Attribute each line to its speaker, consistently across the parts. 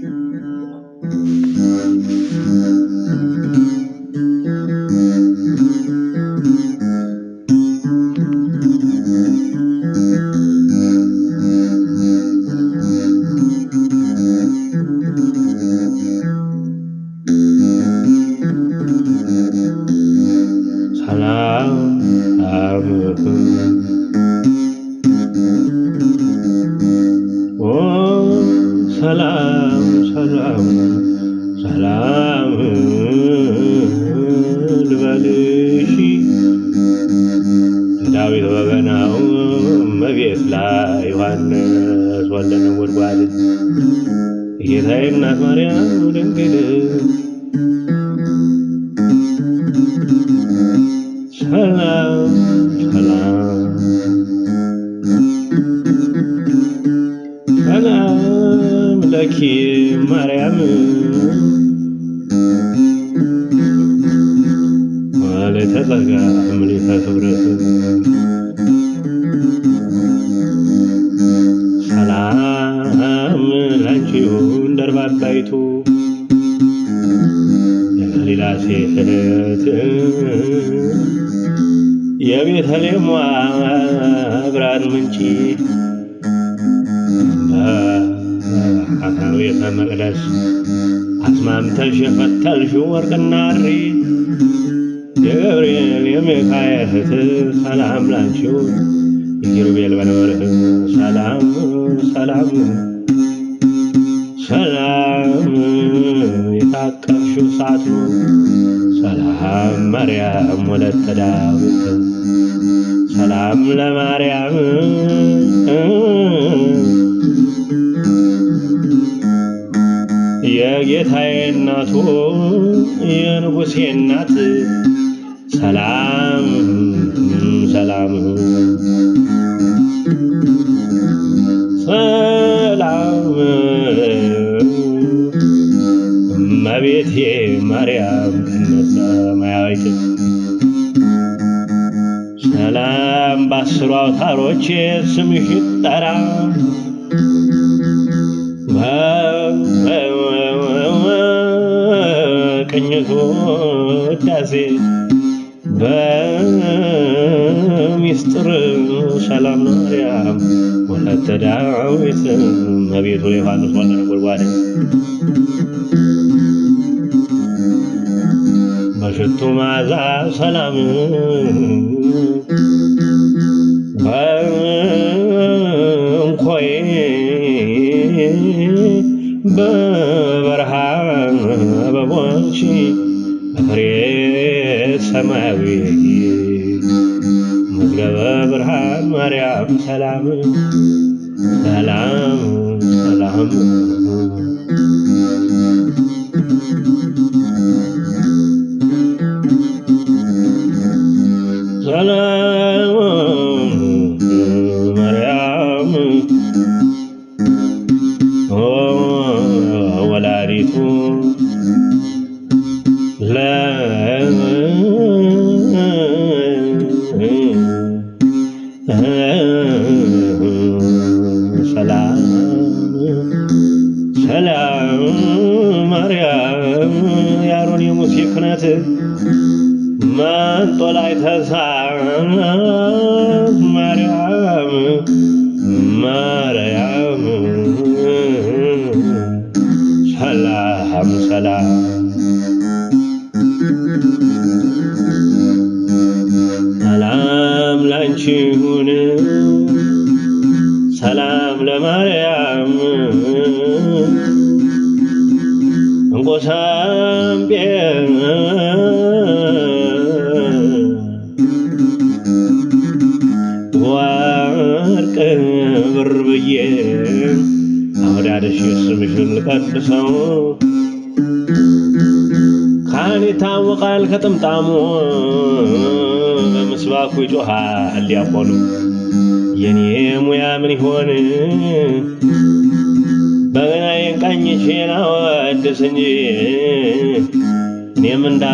Speaker 1: Thank you. ዳዊት ወገናው መቤት ላይ ዮሐንስ ወልደ ነጎድጓድ ጌታዬ እናት ማርያም ድንግል ሴት የቤተልሔም መብራት ምንጭ ቤተ መቅደስ አስማምተሽ የፈተልሽው ወርቅና ሪ የገብርኤል የሚካኤል ሰላም ላንቺው የኪሩቤል በነበርህ ሰላም ሰላም ሰላም የታቀፍሽው ሳት ነው ሰላም ማርያም ወለተ ዳዊት ሰላም ለማርያም የጌታዬ እናቱ የንጉሴ እናት ሰላም ሰላም ሰላም እመቤቴ ሰላም በአስሩ አውታሮች ስምሽ ይጠራ ቅኝቱ ውዳሴ በሚስጥር ሰላም ማርያም ወለተ ዳዊት መቤቱ ዮሐንስ በሽቱ መዓዛ ሰላም እንኮይ በበረሃ አበቦች በፍሬ ሰማያዊ መዝገበ ብርሃን ማርያም ሰላም ሰላም ሰላም ሰላም ሰላም ሰላም ላንቺ ሁን ሰላም ለማርያም እንቆሳም ስምሽን ቀድሰው ካህን ይታወቃል ከጥምጣሙ በምስባኩ ይጮኻል ዲያቆኑ የኔ ሙያ ምን ይሆን በገናዬን እንጂ እኔም እንደ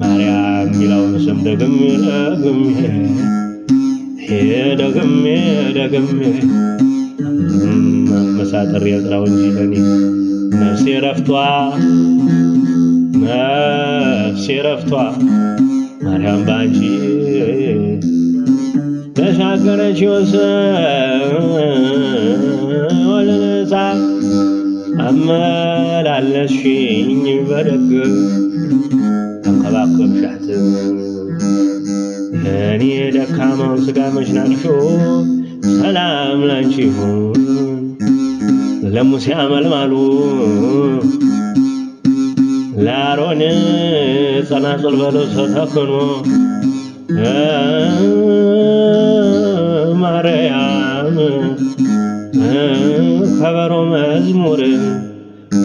Speaker 1: ማርያም ሚለውን ስም ደግሜ ደግሜ ደግሜ ደግሜ ጥሪ የጥራው እንጂ ለኔ ነፍሴ ረፍቷ ነፍሴ ረፍቷ ማርያም ባንቺ ተሻገረች ወሰን ወለነጻ አመላለስሽኝ በደግ ተንከባከብሻት እኔ ደካማውን ስጋ መሽናንሾ ሰላም ላንቺ ይሁን ለሙሴ አመልማሉ ለአሮን ጸናጽል በልብሶ ተክኖ ማርያም ከበሮ መዝሙር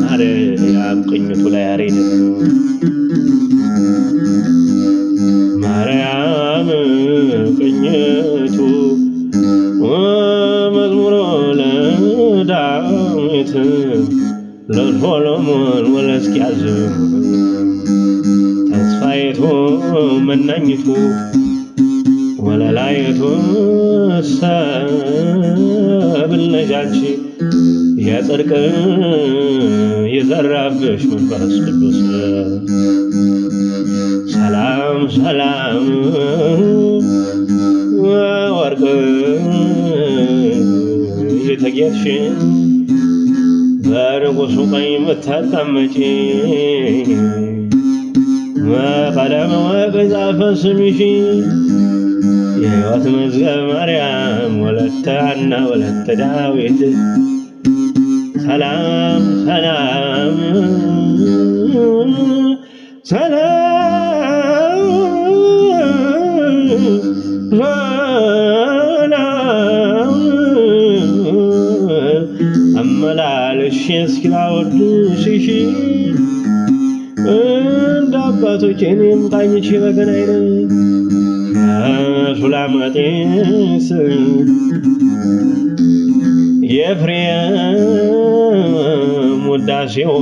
Speaker 1: ማርያም ቅኝቱ ላይ ማርያም ለድሆ ለሞን ወለስኪ ያዝም ተስፋይቱ መናኝቱ ወለላይቱ ሰብል የጽድቅ የዘራብሽ መንፈስ ቅዱስ ሰላም ሰላም ወርቅ የተጌጥሽን በርኩሱ ቀኝ የምታጣምጪ መቀለም ወቀዛፈ ስምሽ የሕይወት መዝገብ ማርያም ወለተ ሐና ወለተ ዳዊት ሰላም ሰላም ሰላም አንቺን እስኪላወድሽ እሺ እንደ አባቶች እኔም በገና በገናይነ ሱላማጤስ የፍሬም ውዳሴው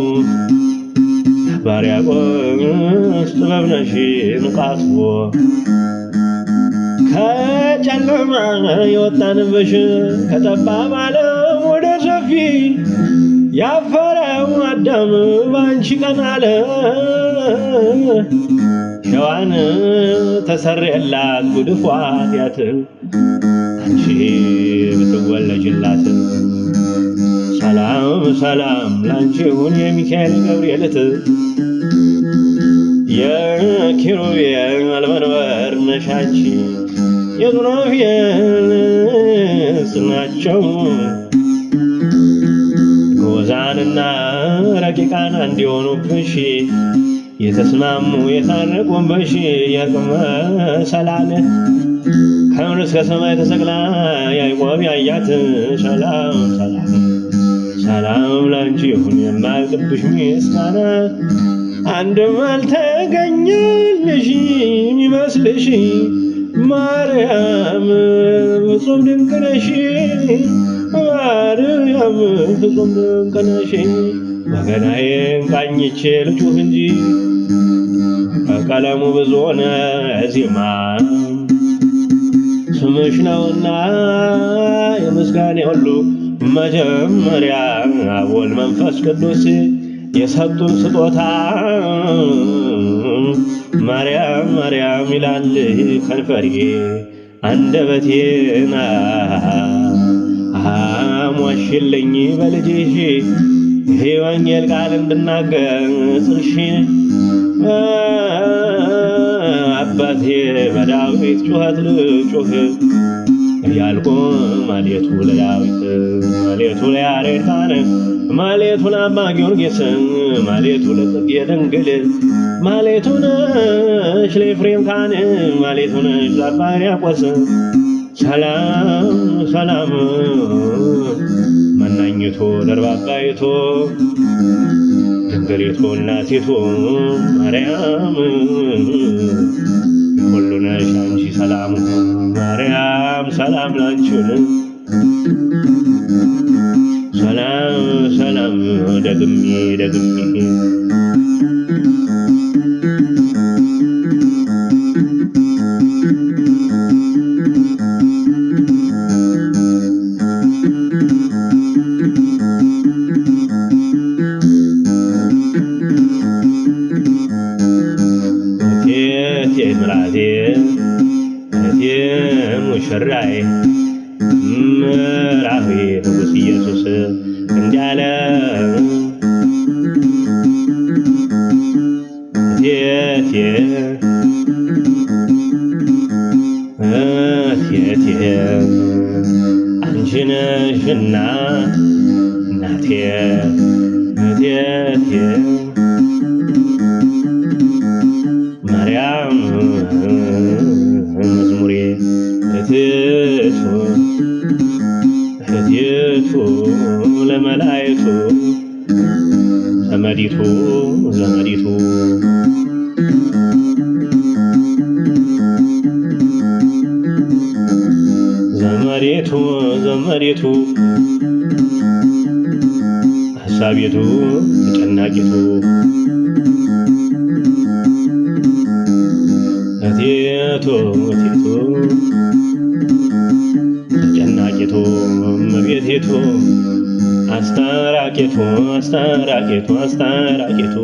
Speaker 1: ባርያቆስ ጥበብነሽ ንቃትዎ ከጨለማ የወጣንበሽ ከጠባብ ዓለም ወደ ሰፊ ያፈረው አዳም ባንቺ ቀን አለ ሸዋን ተሰረየላት ጉድፏ ኃጢአት አንቺ ብትወለጅላት ሰላም ሰላም ላንቺ ሁን የሚካኤል ገብርኤልት የኪሩቤል አልመንበር ነሽ አንቺ የዙራፊል ጽናቸው ርኩሳንና ረቂቃን እንዲሆኑብሽ የተስማሙ የታረቁንበሽ የቅመ ሰላል ከምድር እስከ ሰማይ ተሰቅላ ያዕቆብ ያያት ሰላም ሰላም ሰላም ላንቺ ይሁን የማልቅብሽ ምስጋና አንድም አልተገኘልሽ የሚመስልሽ ማርያም ፍጹም ድንቅ ነሽ። ማርያም ፍጹም ድንቅ ነሽ በገናዬን ቃኝቼ ልጩህ እንጂ ቀለሙ ብዙ ሆነ ዜማ ስምሽ ነውና የምስጋኔ ሁሉ መጀመሪያ አቦል መንፈስ ቅዱስ የሰጡን ስጦታ ማርያም ማርያም ይላል ከንፈሬ አንደበቴና አሟሽልኝ በልጅሽ ይሄ ቃል እንድናገር ጽንሽ አባቴ በዳዊት ጩኸት ልጩህ ያልቆ ማሌቱ ለዳዊት ማሌቱ ለያሬድ ቃል ማሌቱ ለአባ ጊዮርጊስ ማሌቱ ለጽጌ ድንግል ማሌቱ ነሽ ለኤፍሬም ካህን ማሌቱ ነሽ ለአባ ሕርያቆስ ሰላም ሰላም መናኝቶ ደርባባይቶ ድንግሊቱ እናቲቱ ማርያም ሁሉ ነሽ አንቺ ሰላም ማርያም ሰላም ላንቺን ሰላም ሰላም ደግሜ ደግሜ امرأتي هدي مشرعي ለመላይኩ ለመላይኩ ዘመዲቱ ዘመዲቱ ዘመዴቱ ዘመዴቱ ሀሳቤቱ ተጨናቂቱ እቴቱ እቴቱ አስታራቂቱ አስታራቂቱ አስታራቂቱ አስታራቂቱ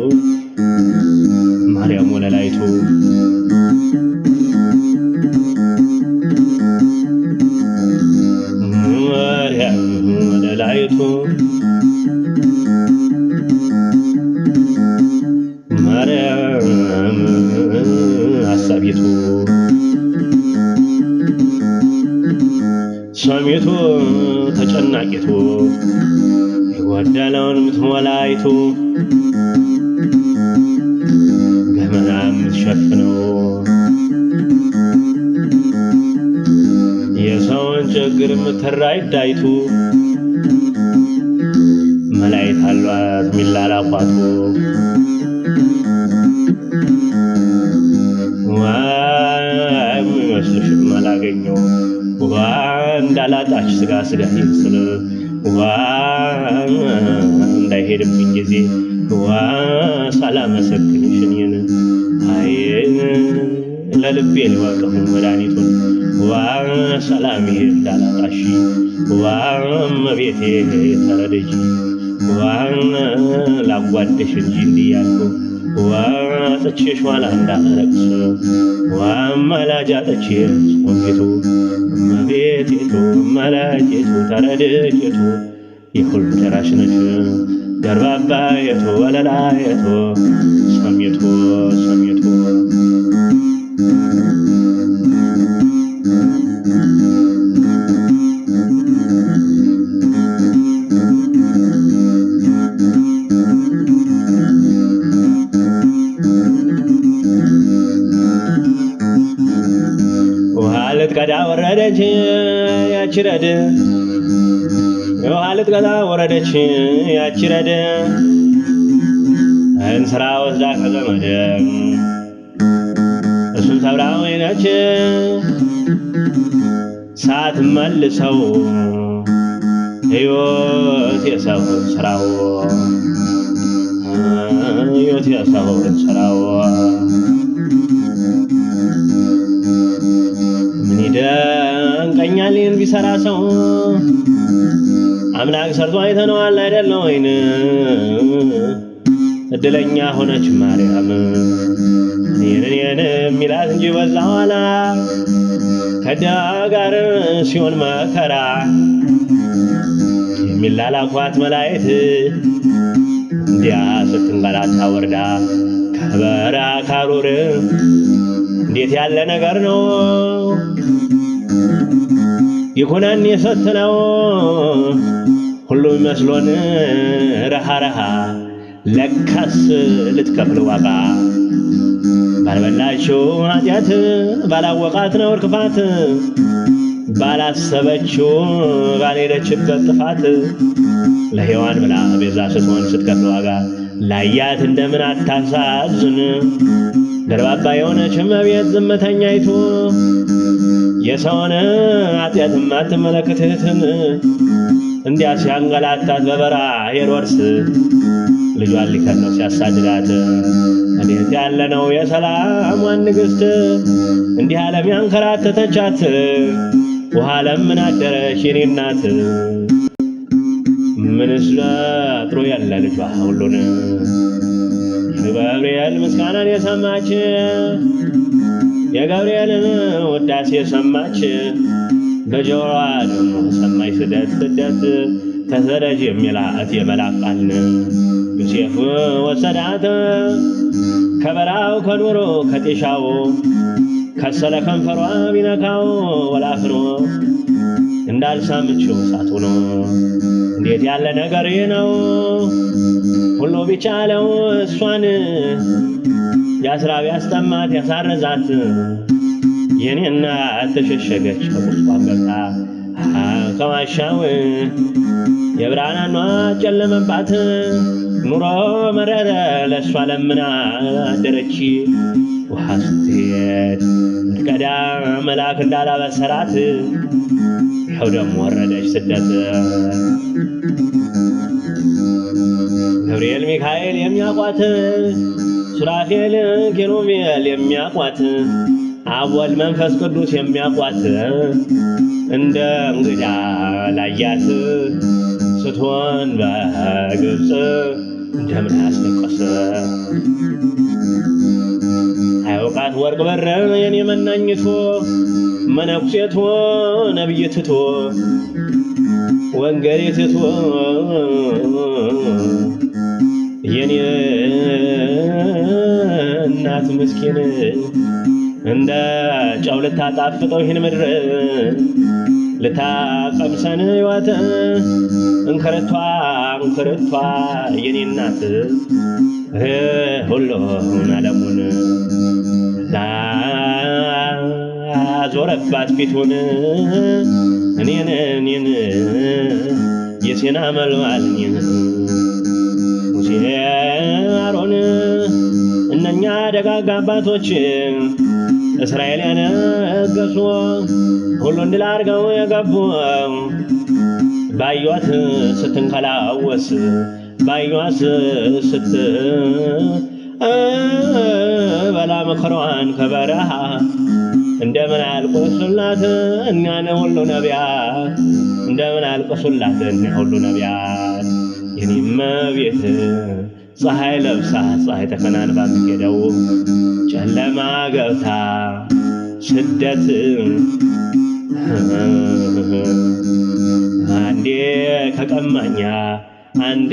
Speaker 1: ከአንቺ ስጋ ስጋዬ ስለ ዋ እንዳይሄድብኝ ጊዜ ዋ ሳላመሰግንሽ እኔን አይን ለልቤ ልወቀሁ መድኃኒቱን ዋ ሰላም ይሄ እንዳላጣሽ ዋ እመቤቴ ተረደጂ ዋ ላጓደሽ እንጂ እንዲያልኩ ዋ አጥቼሽ ኋላ እንዳለቅስ ዋ መላጃ አጥቼ ጽቆሜቱ እመቤቲቱ መላኬቱ ተረድኤቱ የሁሉ ደራሽ ወለላየቱ ሰሚቱ ሰሚቱ ያቺ ረድ ውሃ ወረደች ያቺ እንስራ ወስዳ ከዘመድ እሱን ሰብራው ነች ሳትመልሰው ሕይወት የሰው ስራው ሕይወት የሰው ስራው ምን ይደ ሐቀኛ ሊን ቢሰራ ሰው አምላክ ሰርቶ አይተነዋል አይደለ ወይን? እድለኛ ሆነች ማርያም እኔን የሚላት እንጂ በዛ ኋላ ከዳ ጋር ሲሆን መከራ የሚላላኳት መላእክት እንዲያ ስትንገላታ ወርዳ ከበራ ካሩር እንዴት ያለ ነገር ነው! ይሁነን የሰትነው ሁሉ መስሎን ረሃ ረሃ ለካስ ልትከፍል ዋጋ ባልበላችው ኃጢአት ባላወቃት ነውር ክፋት ባላሰበችው ባልሄደችበት ጥፋት ለሔዋን ብላ ቤዛ ስትሆን ስትከፍል ዋጋ ላያት እንደምን አታሳዝን ደርባባ የሆነች እመቤት ዝምተኛይቱ የሰውን አጤት ማትመለከት እህትን እንዲያ ሲያንገላታት በበራ ሄሮድስ ልጇን ሊከን ነው ሲያሳድዳት እንዴት ያለ ነው የሰላሟን ንግሥት እንዲህ ዓለም ያንከራተተቻት ውሃ ለምን አደረሽ የኔ እናት ምንስ ጥሩ ያለ ልጇ ሁሉን ገብርኤል ምስጋናን የሰማች የገብርኤልን ውዳሴ ሰማች በጆሮዋ ደግሞ ሰማች ስደት ስደት ተዘረጅ የሚላት የመላክ ቃልን ዮሴፍ ወሰዳት ከበላው ከኑሮ ከጤሻው ከሰለ ከንፈሯ ቢነካው ወላፍኖ እንዳልሳምችው እሳት ነው። እንዴት ያለ ነገር ነው ሁሉ ቢቻለው እሷን የአስራቢ ቢያስጠማት ያሳረዛት የኔ እናት ተሸሸገች ገብታ ከማሻው የብርሃናኗ ጨለመባት ኑሮ መረረ ለእሷ ለምና አደረች ውሃ ስትሄድ ቀዳ መልአክ እንዳላበሰራት ይኸው ደግሞ ወረደች ስደት ገብርኤል ሚካኤል የሚያውቋት ሱራፌል ኪሩቤል የሚያቋት አቦል መንፈስ ቅዱስ የሚያቋት እንደ እንግዳ ላያት ስትሆን በግብፅ እንደምን አስለቀሰ አያውቃት ወርቅ በረ የኔ መናኝቶ መነኩሴቶ ወንገሬ ትቶ የኔ እናት ምስኪን እንደ ጨው ልታጣፍጠው ይህን ምድር ልታቀምሰን ህይወት እንክርቷ እንክርቷ የኔ እናት ሁሉን ዓለሙን ዞረባት ፊቱን እኔን እኔን የሴና መልማል ሙሴ ደጋግ አባቶች እስራኤል ያነገሱ ሁሉን ድል አድርገው የገቡ ባዩት ስትንከላወስ ባዩት ስት በላ መከሯን ከበረሃ እንደምን አልቆሱላት እኛን ሁሉ ነቢያት እንደምን አልቆሱላት እኛ ሁሉ ነቢያት የኔ እመቤት ፀሐይ ለብሳ ፀሐይ ተከናንባ ምትሄደው ጨለማ ገብታ ስደት አንዴ ከቀማኛ አንዴ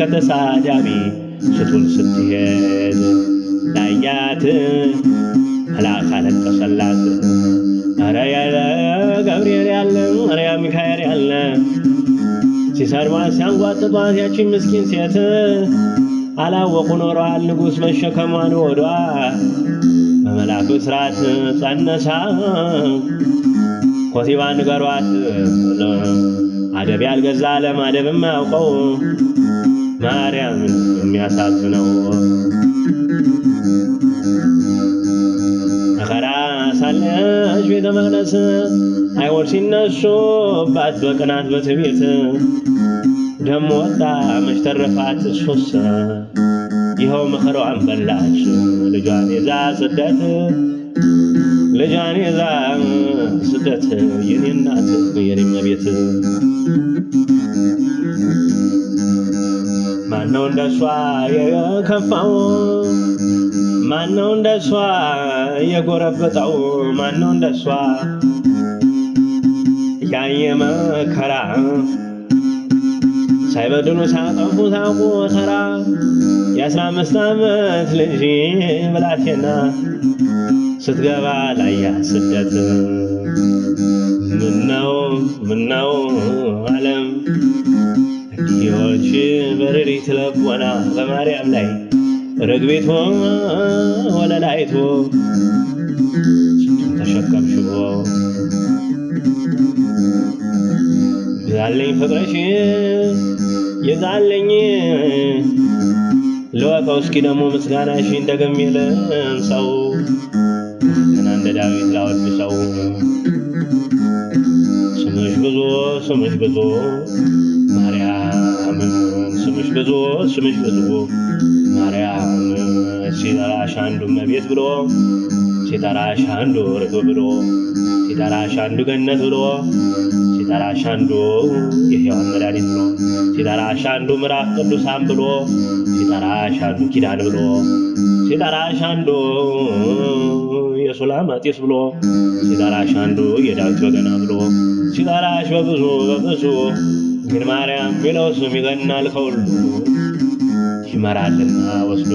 Speaker 1: ከተሳዳቢ ስቱን ስትሄድ ላያት መልአክ አለቀሰላት። አረ ያለ ገብርኤል ያለ አረ ያ ሚካኤል ያለ ሲሰድቧት ሲያንጓጥጧት ያቺን ምስኪን ሴት አላወቁ ኖረዋል ንጉሥ መሸከሟን ወዷ በመላኩ ስርዓት ጸነሳ። ኮቲባ ንገሯት አደብ ያልገዛ ዓለም አደብ የማያውቀው ማርያም የሚያሳዝነው መከራ ሳለሽ ቤተ መቅደስ አይወር ሲነሱባት በቅናት በትቤት ደም ወጣ መሽተረፋት ሱስ ይኸው ምክሯን በላች ልጇን የዛ ስደት ልጇን የዛ ስደት የኔ እናት የኔ መቤት ማነው እንደሷ የከፋው ማነው እንደሷ የጎረበጠው ማነው እንደሷ ያየ መከራ ሳይበድሉ ሳጠፉ ሳቁ ተራ የአስራ አምስት ዓመት ልጅ ብላቴና ስትገባ ላያ ስደት ምነው ምነው ዓለም ጊዮች በርሪት ለቦና በማርያም ላይ ርግቢቱ ወለላይቶ ስንቱን ተሸከምሽቦ የዛለኝ ፍቅረሽ የዛለኝ ለወጣው እስኪ ደግሞ ምስጋናሽ እንደገሜለን ሰው እና እንደ ዳዊት ላወድ ሰው ስምሽ ብዙ ስምሽ ብዙ ማርያም ስምሽ ብዙ ስምሽ ብዙ ማርያም ሲጠራሽ አንዱ መቤት ብሎ ሲጠራሽ አንዱ ርግብ ብሎ ሲጠራሽ አንዱ ገነት ብሎ ሲጠራሽ አንዱ የሕይወት መድኃኒት ብሎ ሲጠራሽ አንዱ ምዕራፍ ቅዱሳን ብሎ ሲጠራሽ አንዱ ኪዳን ብሎ ሲጠራሽ አንዱ የሱላማጢስ ብሎ ሲጠራሽ አንዱ የዳዊት ወገና ብሎ ሲጠራሽ በብዙ በብዙ ግን ማርያም ሚለው ስም ይገናል ከሁሉ ይመራልና ወስዶ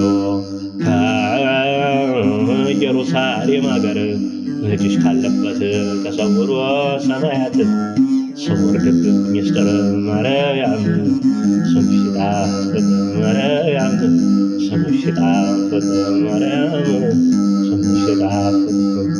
Speaker 1: ከኢየሩሳሌም አገር ልጅሽ ካለበት ተሰውሮ ሰማያትን ስወርድብህ ሚስጥር ማርያም ስምሽ ጣፍጥ ማርያም ስምሽ ጣፍጥ ማርያም ስምሽ ጣፍጥ